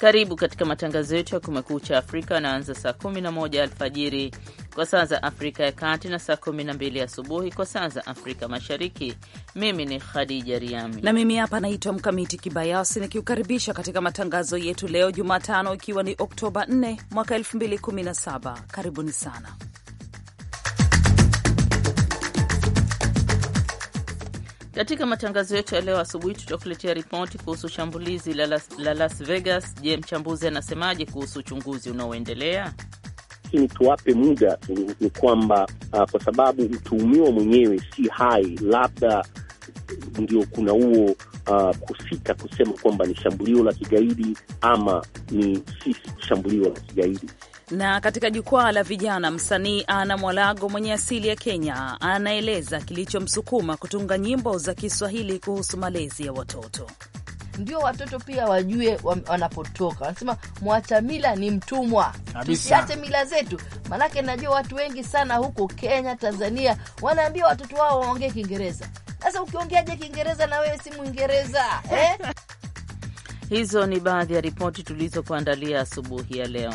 Karibu katika matangazo yetu ya Kumekucha Afrika anaanza saa 11 alfajiri kwa saa za Afrika ya Kati na saa 12 asubuhi kwa saa za Afrika Mashariki. Mimi ni Khadija Riami na mimi hapa naitwa Mkamiti Kibayasi nikiukaribisha katika matangazo yetu leo Jumatano, ikiwa ni Oktoba 4 mwaka 2017. Karibuni sana Katika matangazo yetu ya leo asubuhi, tutakuletea ripoti kuhusu shambulizi la Las, la Las Vegas. Je, mchambuzi anasemaje kuhusu uchunguzi unaoendelea? Lakini tuwape muda, ni kwamba uh, kwa sababu mtuhumiwa mwenyewe si hai, labda ndio kuna huo uh, kusita kusema kwamba ni shambulio la kigaidi ama ni si shambulio la kigaidi. Na katika jukwaa la vijana, msanii Ana Mwalago mwenye asili ya Kenya anaeleza kilichomsukuma kutunga nyimbo za Kiswahili kuhusu malezi ya watoto. Ndio watoto pia wajue wanapotoka. Wanasema mwacha mila ni mtumwa, tusiache mila zetu. Maanake najua watu wengi sana huko Kenya, Tanzania wanaambia watoto wao waongee Kiingereza. Sasa ukiongeaje Kiingereza na wewe si Mwingereza eh? Hizo ni baadhi ya ripoti tulizokuandalia asubuhi ya leo.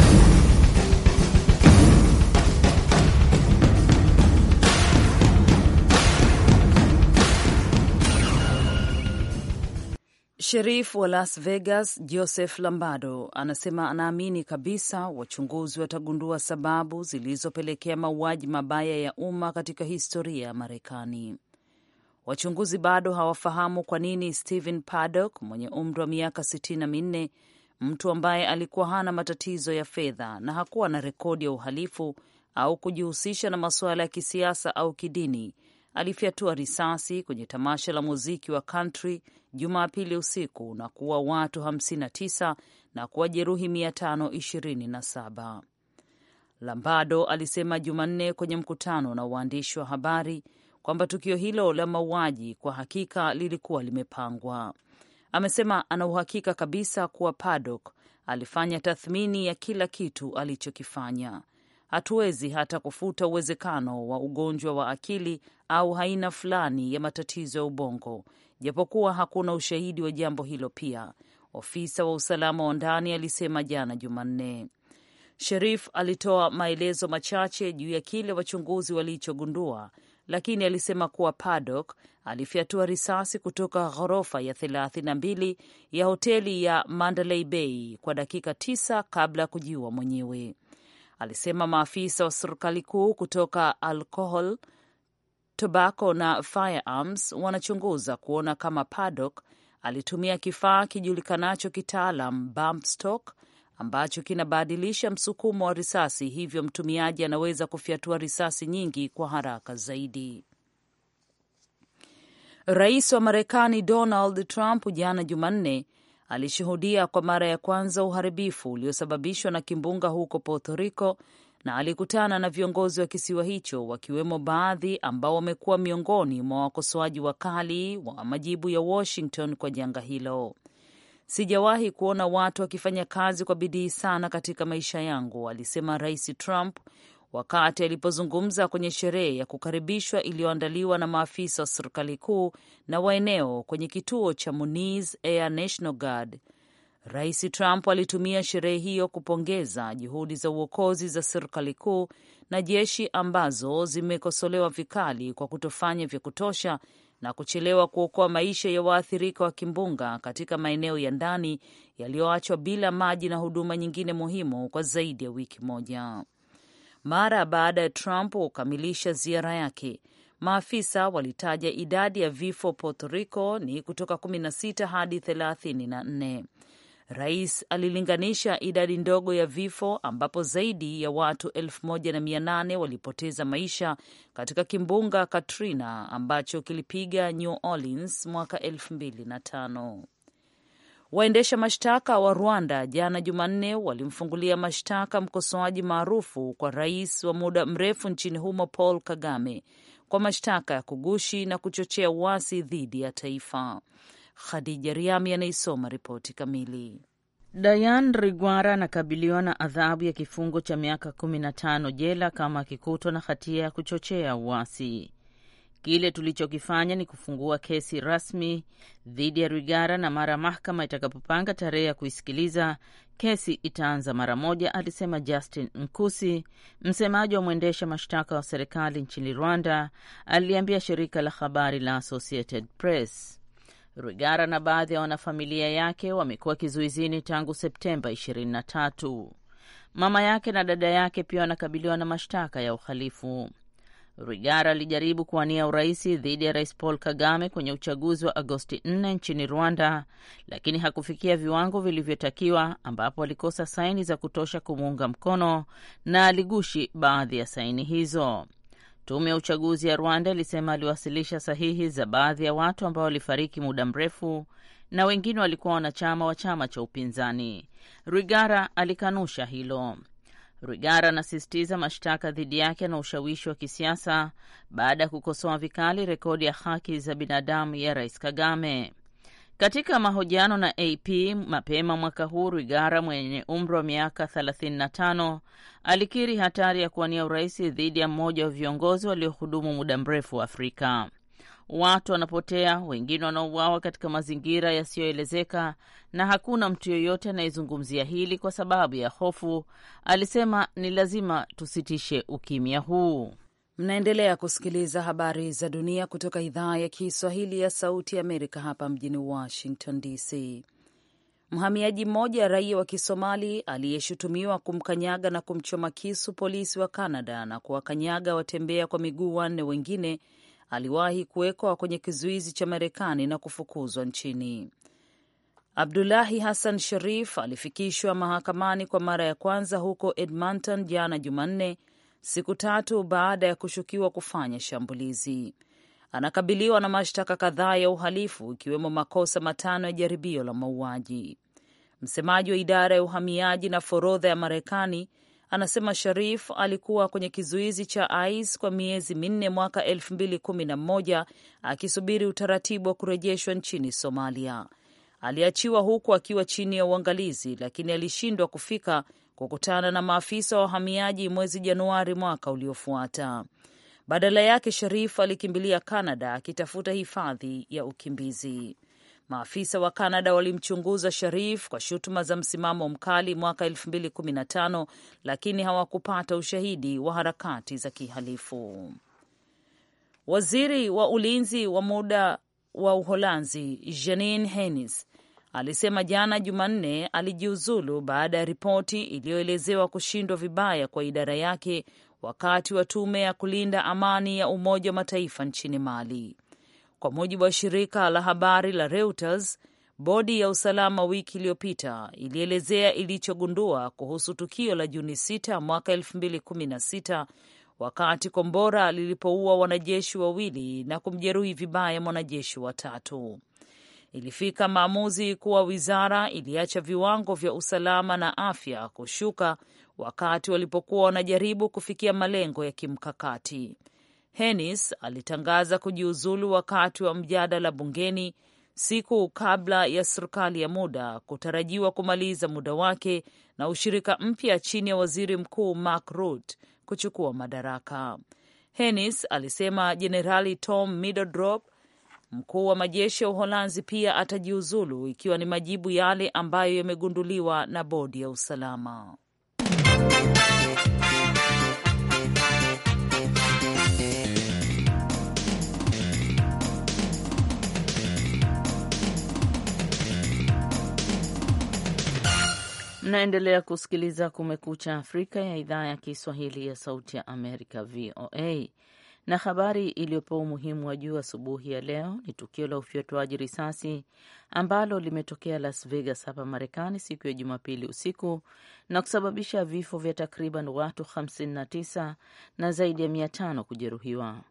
Sherifu wa Las Vegas Joseph Lombardo anasema anaamini kabisa wachunguzi watagundua sababu zilizopelekea mauaji mabaya ya umma katika historia ya Marekani. Wachunguzi bado hawafahamu kwa nini Stephen Paddock mwenye umri wa miaka sitini na minne, mtu ambaye alikuwa hana matatizo ya fedha na hakuwa na rekodi ya uhalifu au kujihusisha na masuala ya kisiasa au kidini alifyatua risasi kwenye tamasha la muziki wa country Jumapili usiku na kuua watu 59 na kuwajeruhi 527. lambado alisema Jumanne kwenye mkutano na waandishi wa habari kwamba tukio hilo la mauaji kwa hakika lilikuwa limepangwa. Amesema ana uhakika kabisa kuwa Paddock alifanya tathmini ya kila kitu alichokifanya. Hatuwezi hata kufuta uwezekano wa ugonjwa wa akili au aina fulani ya matatizo ya ubongo, japokuwa hakuna ushahidi wa jambo hilo pia, ofisa wa usalama wa ndani alisema jana Jumanne. Sherif alitoa maelezo machache juu ya kile wachunguzi walichogundua, lakini alisema kuwa Padok alifyatua risasi kutoka ghorofa ya mbili ya hoteli ya Mandalay Bay kwa dakika tisa kabla ya kujiua mwenyewe. Alisema maafisa wa serikali kuu kutoka Alcohol Tobacco na Firearms wanachunguza kuona kama Paddock alitumia kifaa kijulikanacho kitaalam bump stock ambacho kinabadilisha msukumo wa risasi, hivyo mtumiaji anaweza kufyatua risasi nyingi kwa haraka zaidi. Rais wa Marekani Donald Trump jana Jumanne alishuhudia kwa mara ya kwanza uharibifu uliosababishwa na kimbunga huko Puerto Rico na alikutana na viongozi wa kisiwa hicho wakiwemo baadhi ambao wamekuwa miongoni mwa wakosoaji wakali wa majibu ya Washington kwa janga hilo. Sijawahi kuona watu wakifanya kazi kwa bidii sana katika maisha yangu, alisema Rais Trump wakati alipozungumza kwenye sherehe ya kukaribishwa iliyoandaliwa na maafisa wa serikali kuu na waeneo kwenye kituo cha Muniz Air National Guard. Rais Trump alitumia sherehe hiyo kupongeza juhudi za uokozi za serikali kuu na jeshi ambazo zimekosolewa vikali kwa kutofanya vya kutosha na kuchelewa kuokoa maisha ya waathirika wa kimbunga katika maeneo ya ndani yaliyoachwa bila maji na huduma nyingine muhimu kwa zaidi ya wiki moja. Mara baada ya Trump kukamilisha ziara yake, maafisa walitaja idadi ya vifo Puerto Rico ni kutoka 16 hadi 34. Rais alilinganisha idadi ndogo ya vifo ambapo zaidi ya watu 1800 walipoteza maisha katika kimbunga Katrina ambacho kilipiga New Orleans mwaka 2005. Waendesha mashtaka wa Rwanda jana Jumanne walimfungulia mashtaka mkosoaji maarufu kwa rais wa muda mrefu nchini humo Paul Kagame kwa mashtaka ya kugushi na kuchochea uasi dhidi ya taifa. Khadija Riami anaisoma ripoti kamili. Dayan Rigwara anakabiliwa na adhabu ya kifungo cha miaka 15 jela kama akikutwa na hatia ya kuchochea uasi. Kile tulichokifanya ni kufungua kesi rasmi dhidi ya Rigara, na mara mahakama itakapopanga tarehe ya kuisikiliza kesi itaanza mara moja, alisema Justin Nkusi, msemaji wa mwendesha mashtaka wa serikali nchini Rwanda, aliambia shirika la habari la Associated Press. Rwigara na baadhi ya wanafamilia yake wamekuwa kizuizini tangu Septemba 23. Mama yake na dada yake pia wanakabiliwa na mashtaka ya uhalifu. Rwigara alijaribu kuwania urais dhidi ya Rais Paul Kagame kwenye uchaguzi wa Agosti 4 nchini Rwanda, lakini hakufikia viwango vilivyotakiwa, ambapo alikosa saini za kutosha kumuunga mkono na aligushi baadhi ya saini hizo. Tume ya uchaguzi ya Rwanda ilisema aliwasilisha sahihi za baadhi ya watu ambao walifariki muda mrefu na wengine walikuwa wanachama wa chama cha upinzani. Rwigara alikanusha hilo. Rwigara anasisitiza mashtaka dhidi yake na ushawishi wa kisiasa baada ya kukosoa vikali rekodi ya haki za binadamu ya Rais Kagame. Katika mahojiano na AP mapema mwaka huu, Rwigara mwenye umri wa miaka 35 alikiri hatari ya kuwania urais dhidi ya mmoja wa viongozi waliohudumu muda mrefu wa Afrika. Watu wanapotea, wengine wanauawa katika mazingira yasiyoelezeka, na hakuna mtu yeyote anayezungumzia hili kwa sababu ya hofu. Alisema ni lazima tusitishe ukimya huu. Mnaendelea kusikiliza habari za dunia kutoka idhaa ya Kiswahili ya Sauti ya Amerika hapa mjini Washington DC. Mhamiaji mmoja raia wa Kisomali aliyeshutumiwa kumkanyaga na kumchoma kisu polisi wa Kanada na kuwakanyaga watembea kwa miguu wanne wengine aliwahi kuwekwa kwenye kizuizi cha Marekani na kufukuzwa nchini. Abdulahi Hassan Sharif alifikishwa mahakamani kwa mara ya kwanza huko Edmonton jana Jumanne siku tatu baada ya kushukiwa kufanya shambulizi. Anakabiliwa na mashtaka kadhaa ya uhalifu ikiwemo makosa matano ya jaribio la mauaji. Msemaji wa idara ya uhamiaji na forodha ya Marekani anasema Sharif alikuwa kwenye kizuizi cha ICE kwa miezi minne mwaka 2011 akisubiri utaratibu wa kurejeshwa nchini Somalia. Aliachiwa huku akiwa chini ya uangalizi, lakini alishindwa kufika kukutana na maafisa wa wahamiaji mwezi Januari mwaka uliofuata. Badala yake, Sharif alikimbilia Kanada akitafuta hifadhi ya ukimbizi. Maafisa wa Kanada walimchunguza Sharif kwa shutuma za msimamo mkali mwaka 2015 lakini hawakupata ushahidi wa harakati za kihalifu. Waziri wa ulinzi wa muda wa Uholanzi Janine Hennis alisema jana Jumanne alijiuzulu baada ya ripoti iliyoelezewa kushindwa vibaya kwa idara yake wakati wa tume ya kulinda amani ya Umoja wa Mataifa nchini Mali. Kwa mujibu wa shirika la habari la Reuters, bodi ya usalama wiki iliyopita ilielezea ilichogundua kuhusu tukio la Juni 6 mwaka 2016 wakati kombora lilipoua wanajeshi wawili na kumjeruhi vibaya mwanajeshi watatu ilifika maamuzi kuwa wizara iliacha viwango vya usalama na afya kushuka wakati walipokuwa wanajaribu kufikia malengo ya kimkakati. Henis alitangaza kujiuzulu wakati wa mjadala bungeni siku kabla ya serikali ya muda kutarajiwa kumaliza muda wake na ushirika mpya chini ya waziri mkuu Mark Rutte kuchukua madaraka. Henis alisema Jenerali Tom Middledrop Mkuu wa majeshi ya Uholanzi pia atajiuzulu ikiwa ni majibu yale ambayo yamegunduliwa na bodi ya usalama. Mnaendelea kusikiliza Kumekucha Afrika ya idhaa ya Kiswahili ya Sauti ya Amerika, VOA. Na habari iliyopewa umuhimu wa juu asubuhi ya leo ni tukio la ufyatuaji risasi ambalo limetokea Las Vegas hapa Marekani siku ya Jumapili usiku na kusababisha vifo vya takriban watu 59 na zaidi ya 500 kujeruhiwa.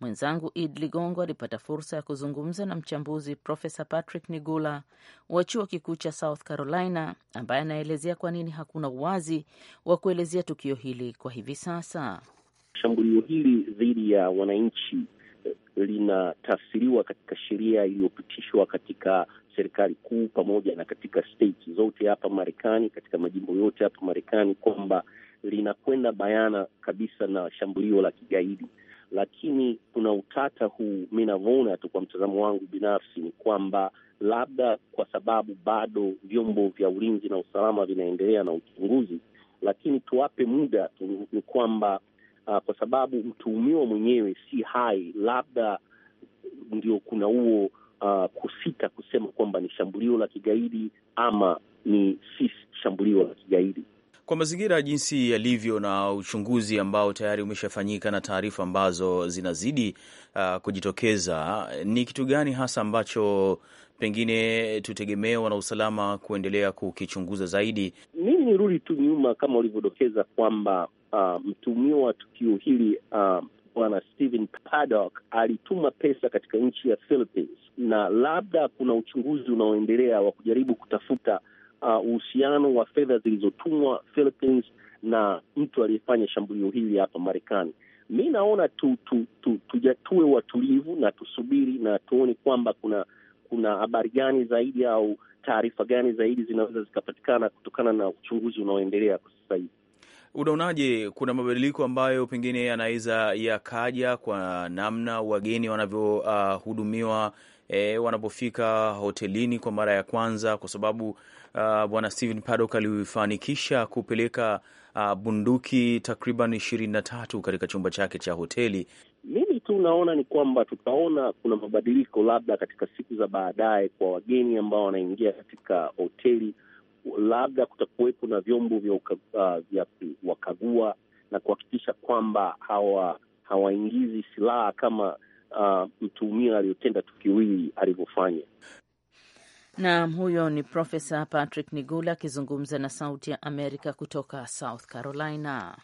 Mwenzangu Id Ligongo alipata fursa ya kuzungumza na mchambuzi Profesa Patrick Nigula wa chuo kikuu cha South Carolina, ambaye anaelezea kwa nini hakuna uwazi wa kuelezea tukio hili kwa hivi sasa. Shambulio hili dhidi ya wananchi eh, linatafsiriwa katika sheria iliyopitishwa katika serikali kuu pamoja na katika state zote hapa Marekani, katika majimbo yote hapa Marekani, kwamba linakwenda bayana kabisa na shambulio la kigaidi. Lakini kuna utata huu, mi navyoona tu kwa mtazamo wangu binafsi ni kwamba labda kwa sababu bado vyombo vya ulinzi na usalama vinaendelea na uchunguzi, lakini tuwape muda ni kwamba uh, kwa sababu mtuhumiwa mwenyewe si hai, labda ndio kuna huo uh, kusita kusema kwamba ni shambulio la kigaidi ama ni si shambulio la kigaidi kwa mazingira jinsi yalivyo na uchunguzi ambao tayari umeshafanyika na taarifa ambazo zinazidi uh, kujitokeza, ni kitu gani hasa ambacho pengine tutegemee wana usalama kuendelea kukichunguza zaidi? Mimi nirudi tu nyuma kama ulivyodokeza kwamba uh, mtumiwa wa tukio hili uh, Bwana Stephen Paddock alituma pesa katika nchi ya Philippines, na labda kuna uchunguzi unaoendelea wa kujaribu kutafuta uh, uhusiano wa fedha zilizotumwa Philippines na mtu aliyefanya shambulio hili hapa Marekani. Mi naona tu, tu, tu, tujatue watulivu na tusubiri na tuone kwamba kuna kuna habari gani zaidi au taarifa gani zaidi zinaweza zikapatikana kutokana na uchunguzi unaoendelea kwa sasa hivi. Unaonaje, kuna mabadiliko ambayo pengine yanaweza yakaja kwa namna wageni wanavyohudumiwa uh, eh, wanapofika hotelini kwa mara ya kwanza, kwa sababu uh, bwana Steven Paddock alifanikisha kupeleka uh, bunduki takriban ishirini na tatu katika chumba chake cha hoteli tu naona ni kwamba tutaona kuna mabadiliko labda katika siku za baadaye kwa wageni ambao wanaingia katika hoteli, labda kutakuwepo na vyombo vya, uh, vya wakagua na kuhakikisha kwamba hawa hawaingizi silaha kama uh, mtuhumia aliyotenda tukio hili alivyofanya. Naam, huyo ni Profesa Patrick Nigula akizungumza na Sauti ya Amerika kutoka South Carolina.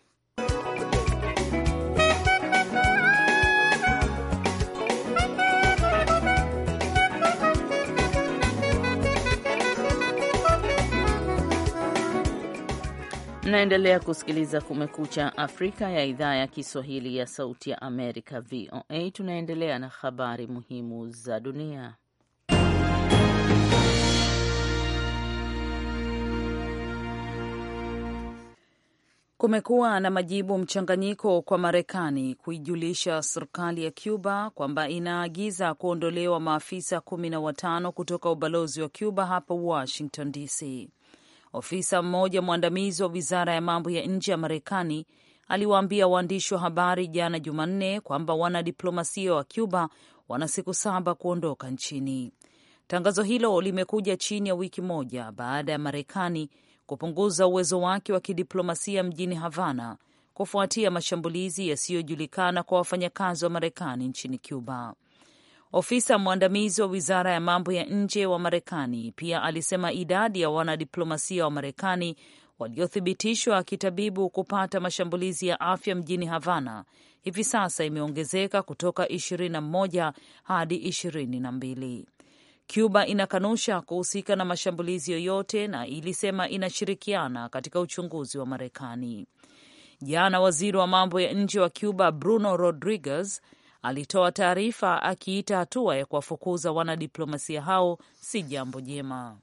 Mnaendelea kusikiliza Kumekucha Afrika ya idhaa ya Kiswahili ya Sauti ya Amerika, VOA. Tunaendelea na habari muhimu za dunia. Kumekuwa na majibu mchanganyiko kwa Marekani kuijulisha serikali ya Cuba kwamba inaagiza kuondolewa maafisa kumi na watano kutoka ubalozi wa Cuba hapa Washington DC. Ofisa mmoja mwandamizi wa wizara ya mambo ya nje ya Marekani aliwaambia waandishi wa habari jana Jumanne kwamba wanadiplomasia wa Cuba wana siku saba kuondoka nchini. Tangazo hilo limekuja chini ya wiki moja baada ya Marekani kupunguza uwezo wake wa kidiplomasia mjini Havana kufuatia mashambulizi yasiyojulikana kwa wafanyakazi wa Marekani nchini Cuba. Ofisa mwandamizi wa wizara ya mambo ya nje wa Marekani pia alisema idadi ya wanadiplomasia wa Marekani waliothibitishwa kitabibu kupata mashambulizi ya afya mjini Havana hivi sasa imeongezeka kutoka 21 hadi 22. Cuba inakanusha kuhusika na mashambulizi yoyote na ilisema inashirikiana katika uchunguzi wa Marekani. Jana waziri wa mambo ya nje wa Cuba Bruno Rodriguez alitoa taarifa akiita hatua ya kuwafukuza wanadiplomasia hao si jambo jema.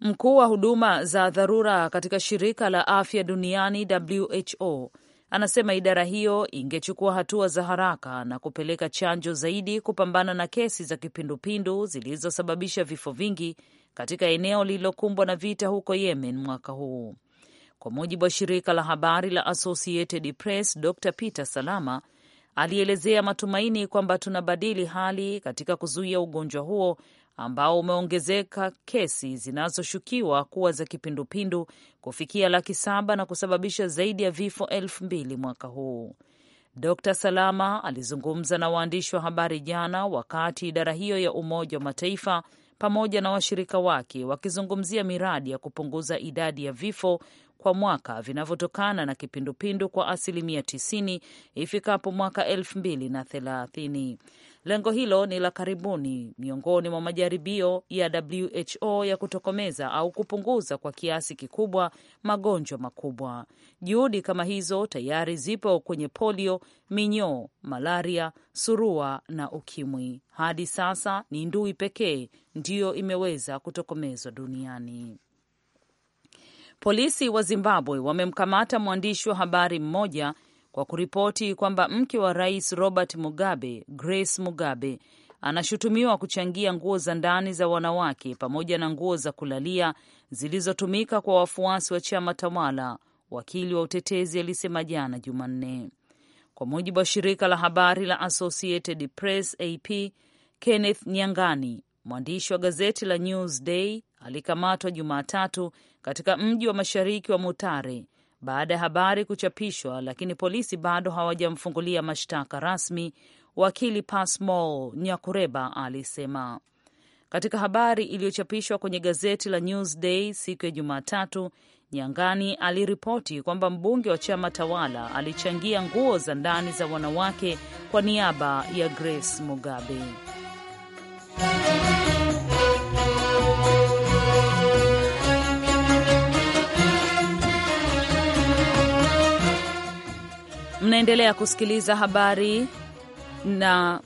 Mkuu wa huduma za dharura katika shirika la afya duniani WHO anasema idara hiyo ingechukua hatua za haraka na kupeleka chanjo zaidi kupambana na kesi za kipindupindu zilizosababisha vifo vingi katika eneo lililokumbwa na vita huko Yemen mwaka huu. Kwa mujibu wa shirika la habari la Associated Press, Dr Peter Salama alielezea matumaini kwamba tunabadili hali katika kuzuia ugonjwa huo ambao umeongezeka kesi zinazoshukiwa kuwa za kipindupindu kufikia laki saba na kusababisha zaidi ya vifo elfu mbili mwaka huu. Dr Salama alizungumza na waandishi wa habari jana wakati idara hiyo ya Umoja wa Mataifa pamoja na washirika wake wakizungumzia miradi ya kupunguza idadi ya vifo kwa mwaka vinavyotokana na kipindupindu kwa asilimia 90 ifikapo mwaka 2030. Lengo hilo ni la karibuni miongoni mwa majaribio ya WHO ya kutokomeza au kupunguza kwa kiasi kikubwa magonjwa makubwa. Juhudi kama hizo tayari zipo kwenye polio, minyoo, malaria, surua na ukimwi. Hadi sasa ni ndui pekee ndiyo imeweza kutokomezwa duniani. Polisi wa Zimbabwe wamemkamata mwandishi wa habari mmoja kwa kuripoti kwamba mke wa rais Robert Mugabe, Grace Mugabe, anashutumiwa kuchangia nguo za ndani za wanawake pamoja na nguo za kulalia zilizotumika kwa wafuasi wa chama tawala, wakili wa utetezi alisema jana Jumanne, kwa mujibu wa shirika la habari la Associated Press AP. Kenneth Nyangani, mwandishi wa gazeti la Newsday, alikamatwa Jumatatu katika mji wa mashariki wa Mutare baada ya habari kuchapishwa, lakini polisi bado hawajamfungulia mashtaka rasmi. Wakili Passmore Nyakureba alisema katika habari iliyochapishwa kwenye gazeti la Newsday siku ya Jumatatu. Nyangani aliripoti kwamba mbunge wa chama tawala alichangia nguo za ndani za wanawake kwa niaba ya Grace Mugabe. Mnaendelea kusikiliza habari na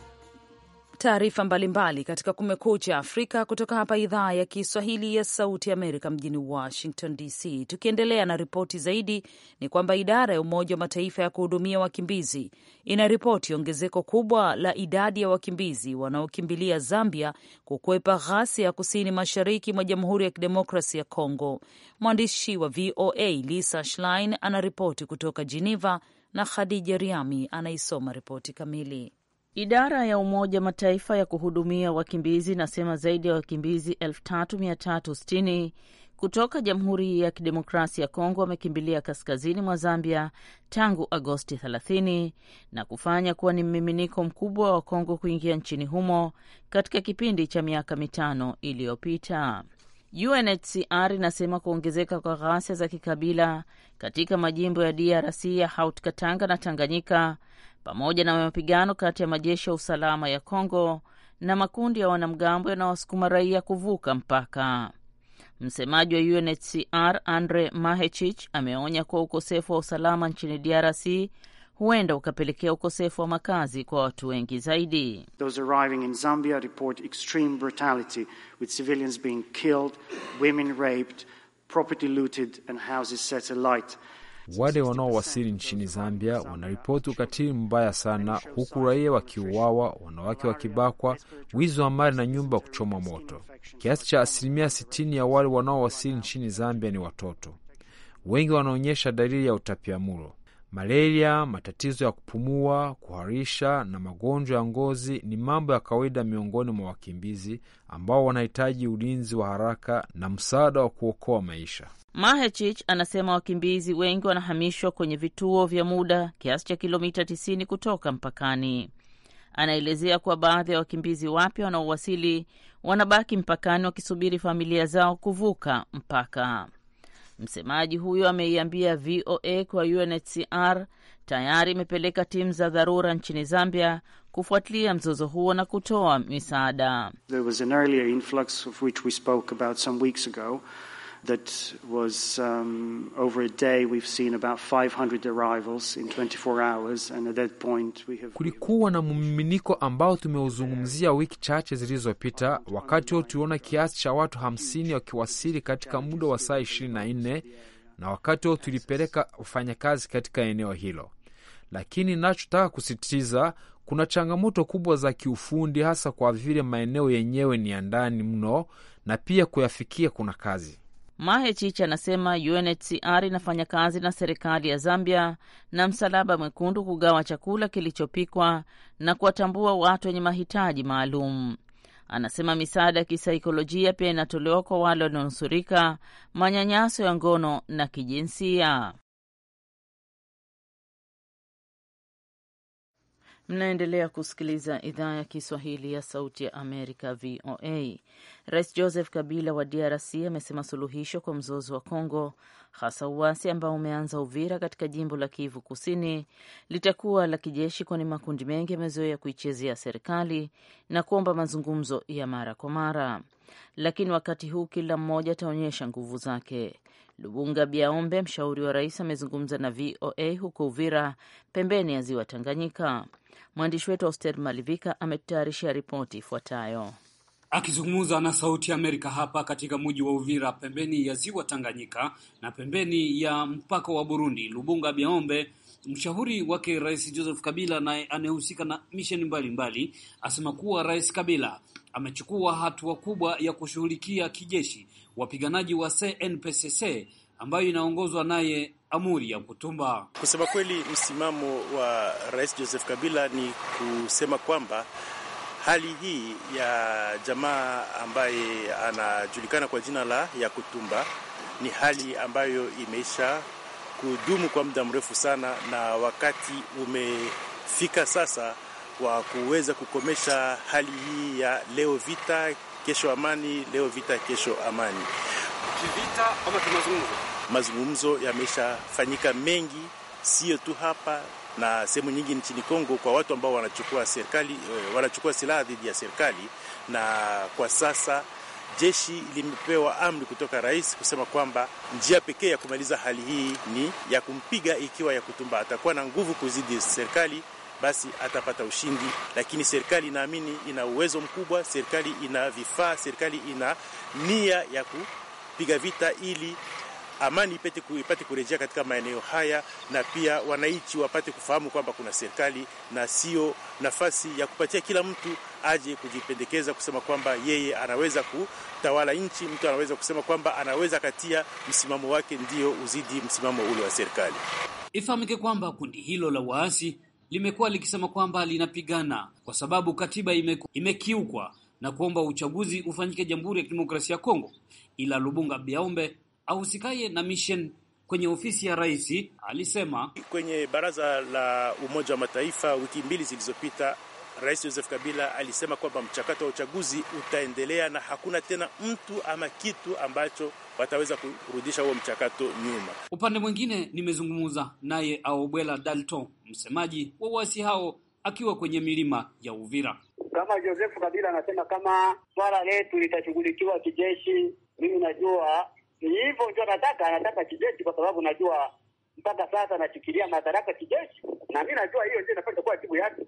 taarifa mbalimbali katika Kumekucha Afrika kutoka hapa idhaa ya Kiswahili ya Sauti Amerika mjini Washington DC. Tukiendelea na ripoti zaidi, ni kwamba idara ya Umoja wa Mataifa ya kuhudumia wakimbizi inaripoti ongezeko kubwa la idadi ya wakimbizi wanaokimbilia Zambia kukwepa ghasia ya kusini mashariki mwa Jamhuri ya Kidemokrasi ya congo Mwandishi wa VOA Lisa Schlein anaripoti kutoka Geneva na Khadija Riami anaisoma ripoti kamili. Idara ya Umoja Mataifa ya kuhudumia wakimbizi inasema zaidi ya wakimbizi 3360 kutoka Jamhuri ya Kidemokrasia ya Kongo wamekimbilia kaskazini mwa Zambia tangu Agosti 30 na kufanya kuwa ni mmiminiko mkubwa wa Kongo kuingia nchini humo katika kipindi cha miaka mitano iliyopita. UNHCR inasema kuongezeka kwa ghasia za kikabila katika majimbo ya DRC ya Haut-Katanga na Tanganyika pamoja na mapigano kati ya majeshi ya usalama ya congo na makundi ya wanamgambo yanawasukuma raia kuvuka mpaka. Msemaji wa UNHCR Andre Mahechich ameonya kuwa ukosefu wa usalama nchini DRC huenda ukapelekea ukosefu wa makazi kwa watu wengi zaidi. Those arriving in Zambia report extreme brutality with civilians being killed, women raped, property looted and houses set alight. Wale wanaowasili nchini Zambia wanaripoti ukatili mbaya sana, huku raia wakiuawa, wanawake wakibakwa, wizi wa mali na nyumba kuchoma moto. Kiasi cha asilimia 60 ya wale wanaowasili nchini Zambia ni watoto. Wengi wanaonyesha dalili ya utapiamlo. Malaria, matatizo ya kupumua, kuharisha na magonjwa ya ngozi ni mambo ya kawaida miongoni mwa wakimbizi ambao wanahitaji ulinzi wa haraka na msaada wa kuokoa maisha. Mahechich anasema wakimbizi wengi wanahamishwa kwenye vituo vya muda kiasi cha kilomita 90 kutoka mpakani. Anaelezea kuwa baadhi ya wakimbizi wapya wanaowasili wanabaki mpakani wakisubiri familia zao kuvuka mpaka. Msemaji huyo ameiambia VOA kwa UNHCR tayari imepeleka timu za dharura nchini Zambia kufuatilia mzozo huo na kutoa misaada. There was an earlier influx of which we spoke about some weeks ago that was um, over a day we've seen about 500 arrivals in 24 hours and at that point we have... Kulikuwa na mmiminiko ambao tumeuzungumzia wiki chache zilizopita. Wakati huo tuliona kiasi cha watu 50 wakiwasili katika muda wa saa 24, na wakati huo tulipeleka wafanyakazi katika eneo hilo, lakini nachotaka kusisitiza kuna changamoto kubwa za kiufundi, hasa kwa vile maeneo yenyewe ni ya ndani mno na pia kuyafikia kuna kazi Mahetich anasema UNHCR inafanya kazi na serikali ya Zambia na Msalaba Mwekundu kugawa chakula kilichopikwa na kuwatambua watu wenye mahitaji maalum. Anasema misaada ya kisaikolojia pia inatolewa kwa wale walionusurika manyanyaso ya ngono na kijinsia. Mnaendelea kusikiliza idhaa ya Kiswahili ya Sauti ya Amerika, VOA. Rais Joseph Kabila wa DRC amesema suluhisho kwa mzozo wa congo hasa uasi ambao umeanza Uvira katika jimbo la Kivu Kusini, litakuwa la kijeshi, kwani makundi mengi yamezoea kuichezea serikali na kuomba mazungumzo ya mara kwa mara, lakini wakati huu kila mmoja ataonyesha nguvu zake. Lubunga Biaombe, mshauri wa rais, amezungumza na VOA huko Uvira, pembeni ya ziwa Tanganyika. Mwandishi wetu Auster Malivika ametayarisha ripoti ifuatayo. Akizungumza na Sauti ya Amerika hapa katika mji wa Uvira, pembeni ya ziwa Tanganyika na pembeni ya mpaka wa Burundi, Lubunga Biaombe, mshauri wake Rais Joseph Kabila naye anayehusika na misheni mbalimbali asema kuwa Rais Kabila amechukua hatua kubwa ya kushughulikia kijeshi wapiganaji wa CNPCC ambayo inaongozwa naye amuri ya kutumba. Kusema kweli, msimamo wa Rais Joseph Kabila ni kusema kwamba hali hii ya jamaa ambaye anajulikana kwa jina la ya kutumba ni hali ambayo imeisha kudumu kwa muda mrefu sana, na wakati umefika sasa wa kuweza kukomesha hali hii ya leo vita kesho amani, leo vita kesho amani, kivita ama kimazungumzo mazungumzo yameshafanyika mengi, sio tu hapa na sehemu nyingi nchini Kongo, kwa watu ambao wanachukua serikali eh, wanachukua silaha dhidi ya serikali. Na kwa sasa jeshi limepewa amri kutoka rais kusema kwamba njia pekee ya kumaliza hali hii ni ya kumpiga. Ikiwa ya kutumba atakuwa na nguvu kuzidi serikali, basi atapata ushindi. Lakini serikali inaamini ina uwezo mkubwa, serikali ina vifaa, serikali ina nia ya kupiga vita ili amani ipate, ipate kurejea katika maeneo haya, na pia wananchi wapate kufahamu kwamba kuna serikali na sio nafasi ya kupatia kila mtu aje kujipendekeza kusema kwamba yeye anaweza kutawala nchi. Mtu anaweza kusema kwamba anaweza katia msimamo wake ndio uzidi msimamo ule wa serikali. Ifahamike kwamba kundi hilo la waasi limekuwa likisema kwamba linapigana kwa sababu katiba imekiukwa na kuomba uchaguzi ufanyike Jamhuri ya Kidemokrasia ya Kongo, ila Lubunga Biaombe ahusikaye na mission kwenye ofisi ya rais alisema kwenye baraza la Umoja wa Mataifa wiki mbili zilizopita, Rais Joseph Kabila alisema kwamba mchakato wa uchaguzi utaendelea na hakuna tena mtu ama kitu ambacho wataweza kurudisha huo mchakato nyuma. Upande mwingine, nimezungumza naye Aobwela Dalton, msemaji wa wasi hao akiwa kwenye milima ya Uvira. Kama Joseph Kabila anasema kama swala letu litashughulikiwa kijeshi, mimi najua ni hivyo ndio anataka, anataka kijeshi, kwa sababu najua mpaka sasa anashikilia madaraka kijeshi, na mimi najua hiyo ndio inapaswa kuwa jibu yake,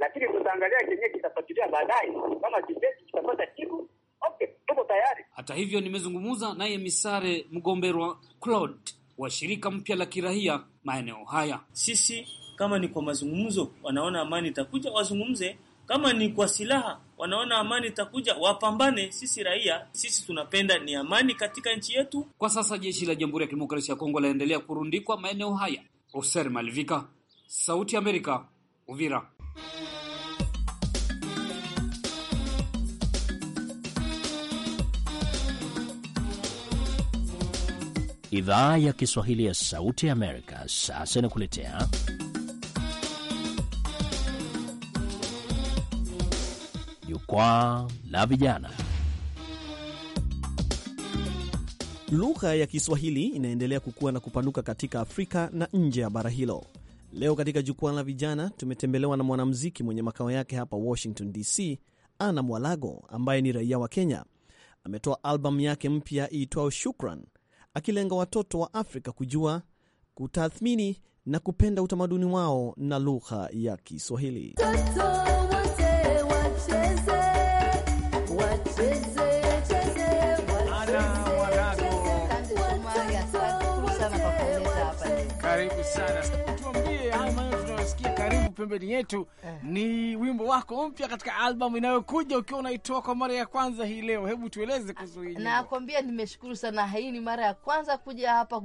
lakini tutaangalia chenyewe kitafuatilia baadaye, kama kijeshi kitapata jibu okay, tuko tayari. Hata hivyo, nimezungumza naye Misare Mgomberwa Claude wa shirika mpya la kirahia maeneo haya. Sisi kama ni kwa mazungumzo, wanaona amani itakuja, wazungumze. Kama ni kwa silaha wanaona amani itakuja, wapambane. Sisi raia, sisi tunapenda ni amani katika nchi yetu. Kwa sasa jeshi la Jamhuri ya Kidemokrasia ya Kongo laendelea kurundikwa maeneo haya. Oser Malivika, Sauti Amerika, Uvira. Idhaa ya Kiswahili ya Sauti ya Amerika sasa inakuletea Jukwaa la Vijana. Lugha ya Kiswahili inaendelea kukua na kupanuka katika Afrika na nje ya bara hilo. Leo katika Jukwaa la Vijana tumetembelewa na mwanamuziki mwenye makao yake hapa Washington DC, Ana Mwalago ambaye ni raia wa Kenya. Ametoa albamu yake mpya iitwayo Shukran, akilenga watoto wa Afrika kujua, kutathmini na kupenda utamaduni wao na lugha ya Kiswahili. Toto pembeni yetu eh. Ni wimbo wako mpya katika albamu inayokuja ukiwa unaitoa kwa mara ya kwanza hii leo. Hebu tueleze kuhusu hii. Nakwambia nimeshukuru sana, hii ni mara ya kwanza kuja hapa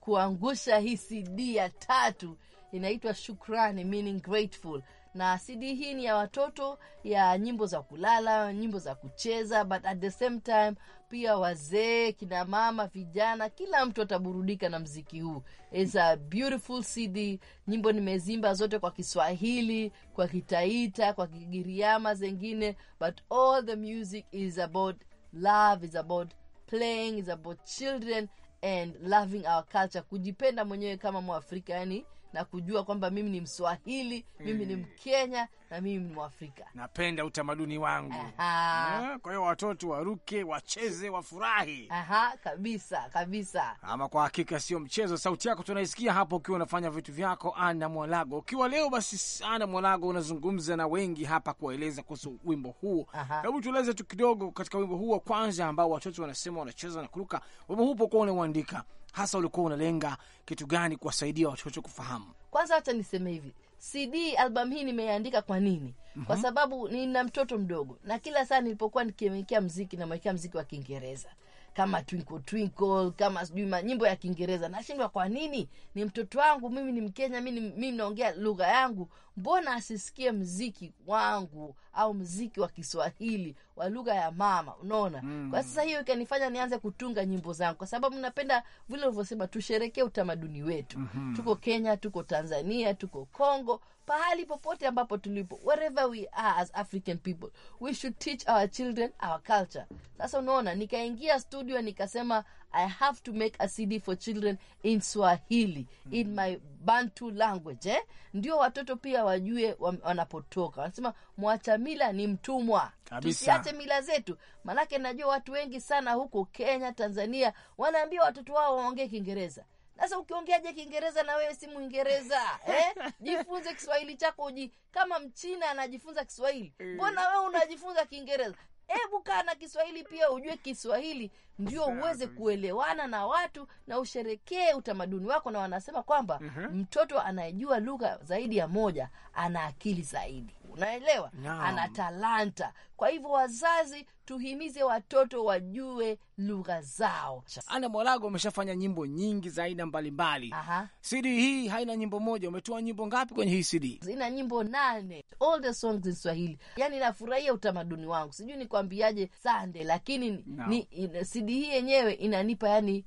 kuangusha hii CD ya tatu, inaitwa Shukrani meaning grateful na cd hii ni ya watoto ya nyimbo za kulala nyimbo za kucheza but at the same time pia wazee kina mama vijana kila mtu ataburudika na mziki huu It's a beautiful cd nyimbo nimezimba zote kwa kiswahili kwa kitaita kwa kigiriama zengine but all the music is about love is about playing is about children and loving our culture kujipenda mwenyewe kama mwafrika yani na kujua kwamba mimi ni Mswahili mimi ni hmm. Mkenya na mimi ni Mwafrika, napenda utamaduni wangu. Eh, kwa hiyo watoto waruke, wacheze, wafurahi. Aha, kabisa kabisa, ama kwa hakika sio mchezo. Sauti yako tunaisikia hapo ukiwa unafanya vitu vyako, Ana Mwalago. Ukiwa leo basi, Ana Mwalago, unazungumza na wengi hapa kuwaeleza kuhusu wimbo huu. Hebu tueleze tu kidogo katika wimbo huu wa kwanza ambao watoto wanasema wanacheza na kuruka, wimbo huu pokuwa unauandika hasa ulikuwa unalenga kitu gani kuwasaidia watoto kufahamu? Kwanza hata niseme hivi, CD albamu hii nimeandika kwa nini? mm -hmm. Kwa sababu nina mtoto mdogo, na kila saa nilipokuwa nikimwekea mziki namwekea mziki wa Kiingereza kama Twinkle Twinkle, kama sijui manyimbo ya Kiingereza. Nashindwa kwa nini? Ni mtoto wangu mimi, ni Mkenya mimi, mimi naongea lugha yangu, mbona asisikie mziki wangu au mziki wa Kiswahili wa lugha ya mama? Unaona mm. Kwa sasa hiyo ikanifanya nianze kutunga nyimbo zangu, kwa sababu napenda vile ulivyosema, tusherekee utamaduni wetu mm -hmm. Tuko Kenya, tuko Tanzania, tuko Congo, pahali popote ambapo tulipo, wherever we are as African people we should teach our children our culture. Sasa unaona, nikaingia studio nikasema I have to make a CD for children in Swahili mm. in my Bantu language eh? Ndio watoto pia wajue wanapotoka. Wanasema mwacha mila ni mtumwa, tusiache mila zetu, maanake najua watu wengi sana huko Kenya, Tanzania wanaambia watoto wao waongee Kiingereza. Sasa ukiongeaje Kiingereza na wewe si Mwingereza eh? Jifunze Kiswahili chako uji, kama Mchina anajifunza Kiswahili, eh. mbona wewe unajifunza Kiingereza? hebu kaa na Kiswahili pia ujue Kiswahili ndio uweze kuelewana na watu na usherekee utamaduni wako, na wanasema kwamba mhm. mtoto anayejua lugha zaidi ya moja ana akili zaidi. Mungu, naelewa no. Ana talanta. Kwa hivyo wazazi, tuhimize watoto wajue lugha zao. Ana Mwalago ameshafanya nyimbo nyingi za aina mbalimbali. CD hii haina nyimbo moja, umetoa nyimbo ngapi kwenye hii CD? Zina nyimbo nane, all the songs in Swahili. Yani nafurahia utamaduni wangu, sijui nikwambiaje Sande, lakini no. ni, CD hii yenyewe inanipa yani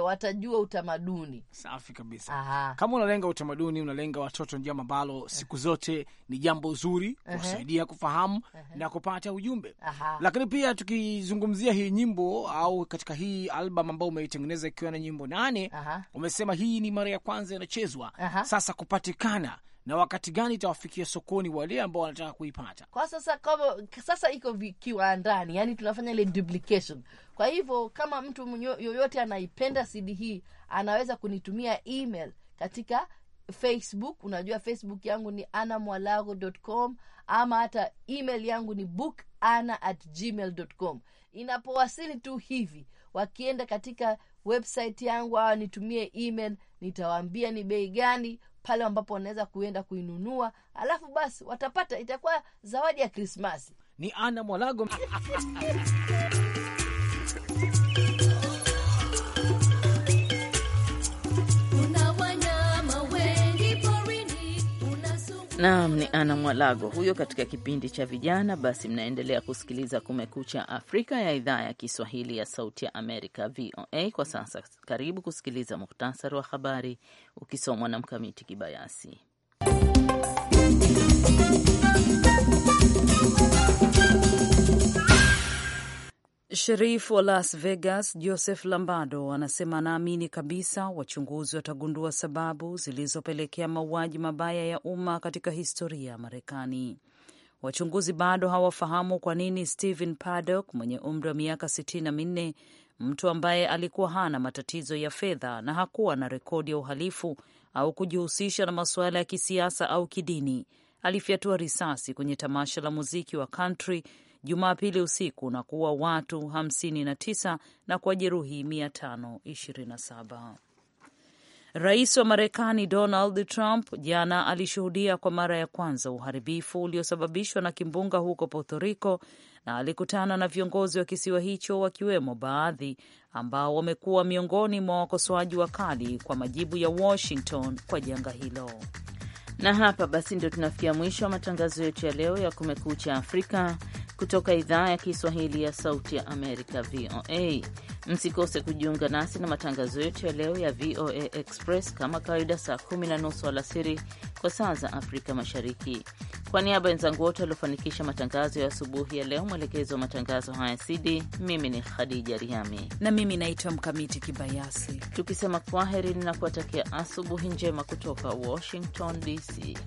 wake watajua utamaduni. Safi kabisa. Aha. Kama unalenga utamaduni, unalenga watoto, ni jambo ambalo siku zote ni jambo zuri kuwasaidia kufahamu na kupata ujumbe. Aha. Lakini pia tukizungumzia hii nyimbo au katika hii album ambayo umeitengeneza ikiwa na nyimbo nane, umesema hii ni mara ya kwanza inachezwa, sasa kupatikana na wakati gani itawafikia sokoni wale ambao wanataka kuipata kwa sasa. kama, sasa iko kiwandani, yani tunafanya ile duplication. Kwa hivyo kama mtu yoyote anaipenda CD hii e, anaweza kunitumia email katika Facebook. Unajua Facebook yangu ni anamwalago.com ama hata email yangu ni bookana at gmail.com. Inapowasili tu hivi, wakienda katika website yangu awa nitumie email, nitawaambia ni bei gani pale ambapo wanaweza kuenda kuinunua, alafu basi watapata, itakuwa zawadi ya Krismasi. Ni Ana Mwalago Naam, ni Ana Mwalago huyo katika kipindi cha vijana. Basi mnaendelea kusikiliza Kumekucha Afrika ya idhaa ya Kiswahili ya Sauti ya Amerika, VOA. Kwa sasa, karibu kusikiliza muhtasari wa habari ukisomwa na Mkamiti Kibayasi. Sherifu wa Las Vegas Joseph Lombardo anasema anaamini kabisa wachunguzi watagundua sababu zilizopelekea mauaji mabaya ya umma katika historia ya Marekani. Wachunguzi bado hawafahamu kwa nini Stephen Paddock mwenye umri wa miaka sitini na minne, mtu ambaye alikuwa hana matatizo ya fedha na hakuwa na rekodi ya uhalifu au kujihusisha na masuala ya kisiasa au kidini, alifyatua risasi kwenye tamasha la muziki wa country Jumapili usiku na kuua watu 59 na kwa jeruhi 527. Rais wa Marekani Donald Trump jana alishuhudia kwa mara ya kwanza uharibifu uliosababishwa na kimbunga huko Puerto Rico na alikutana na viongozi wa kisiwa hicho wakiwemo baadhi ambao wamekuwa miongoni mwa wakosoaji wakali kwa majibu ya Washington kwa janga hilo. Na hapa basi ndio tunafikia mwisho wa matangazo yetu ya leo ya Kumekucha Afrika kutoka idhaa ya Kiswahili ya Sauti ya Amerika, VOA. Msikose kujiunga nasi na matangazo yetu ya leo ya VOA Express kama kawaida, saa kumi na nusu alasiri kwa saa za Afrika Mashariki. Kwa niaba ya wenzangu wote waliofanikisha matangazo ya asubuhi ya leo, mwelekezi wa matangazo haya CD, mimi ni Khadija Riami na mimi naitwa Mkamiti Kibayasi, tukisema kwaheri na kuwatakia asubuhi njema kutoka Washington DC.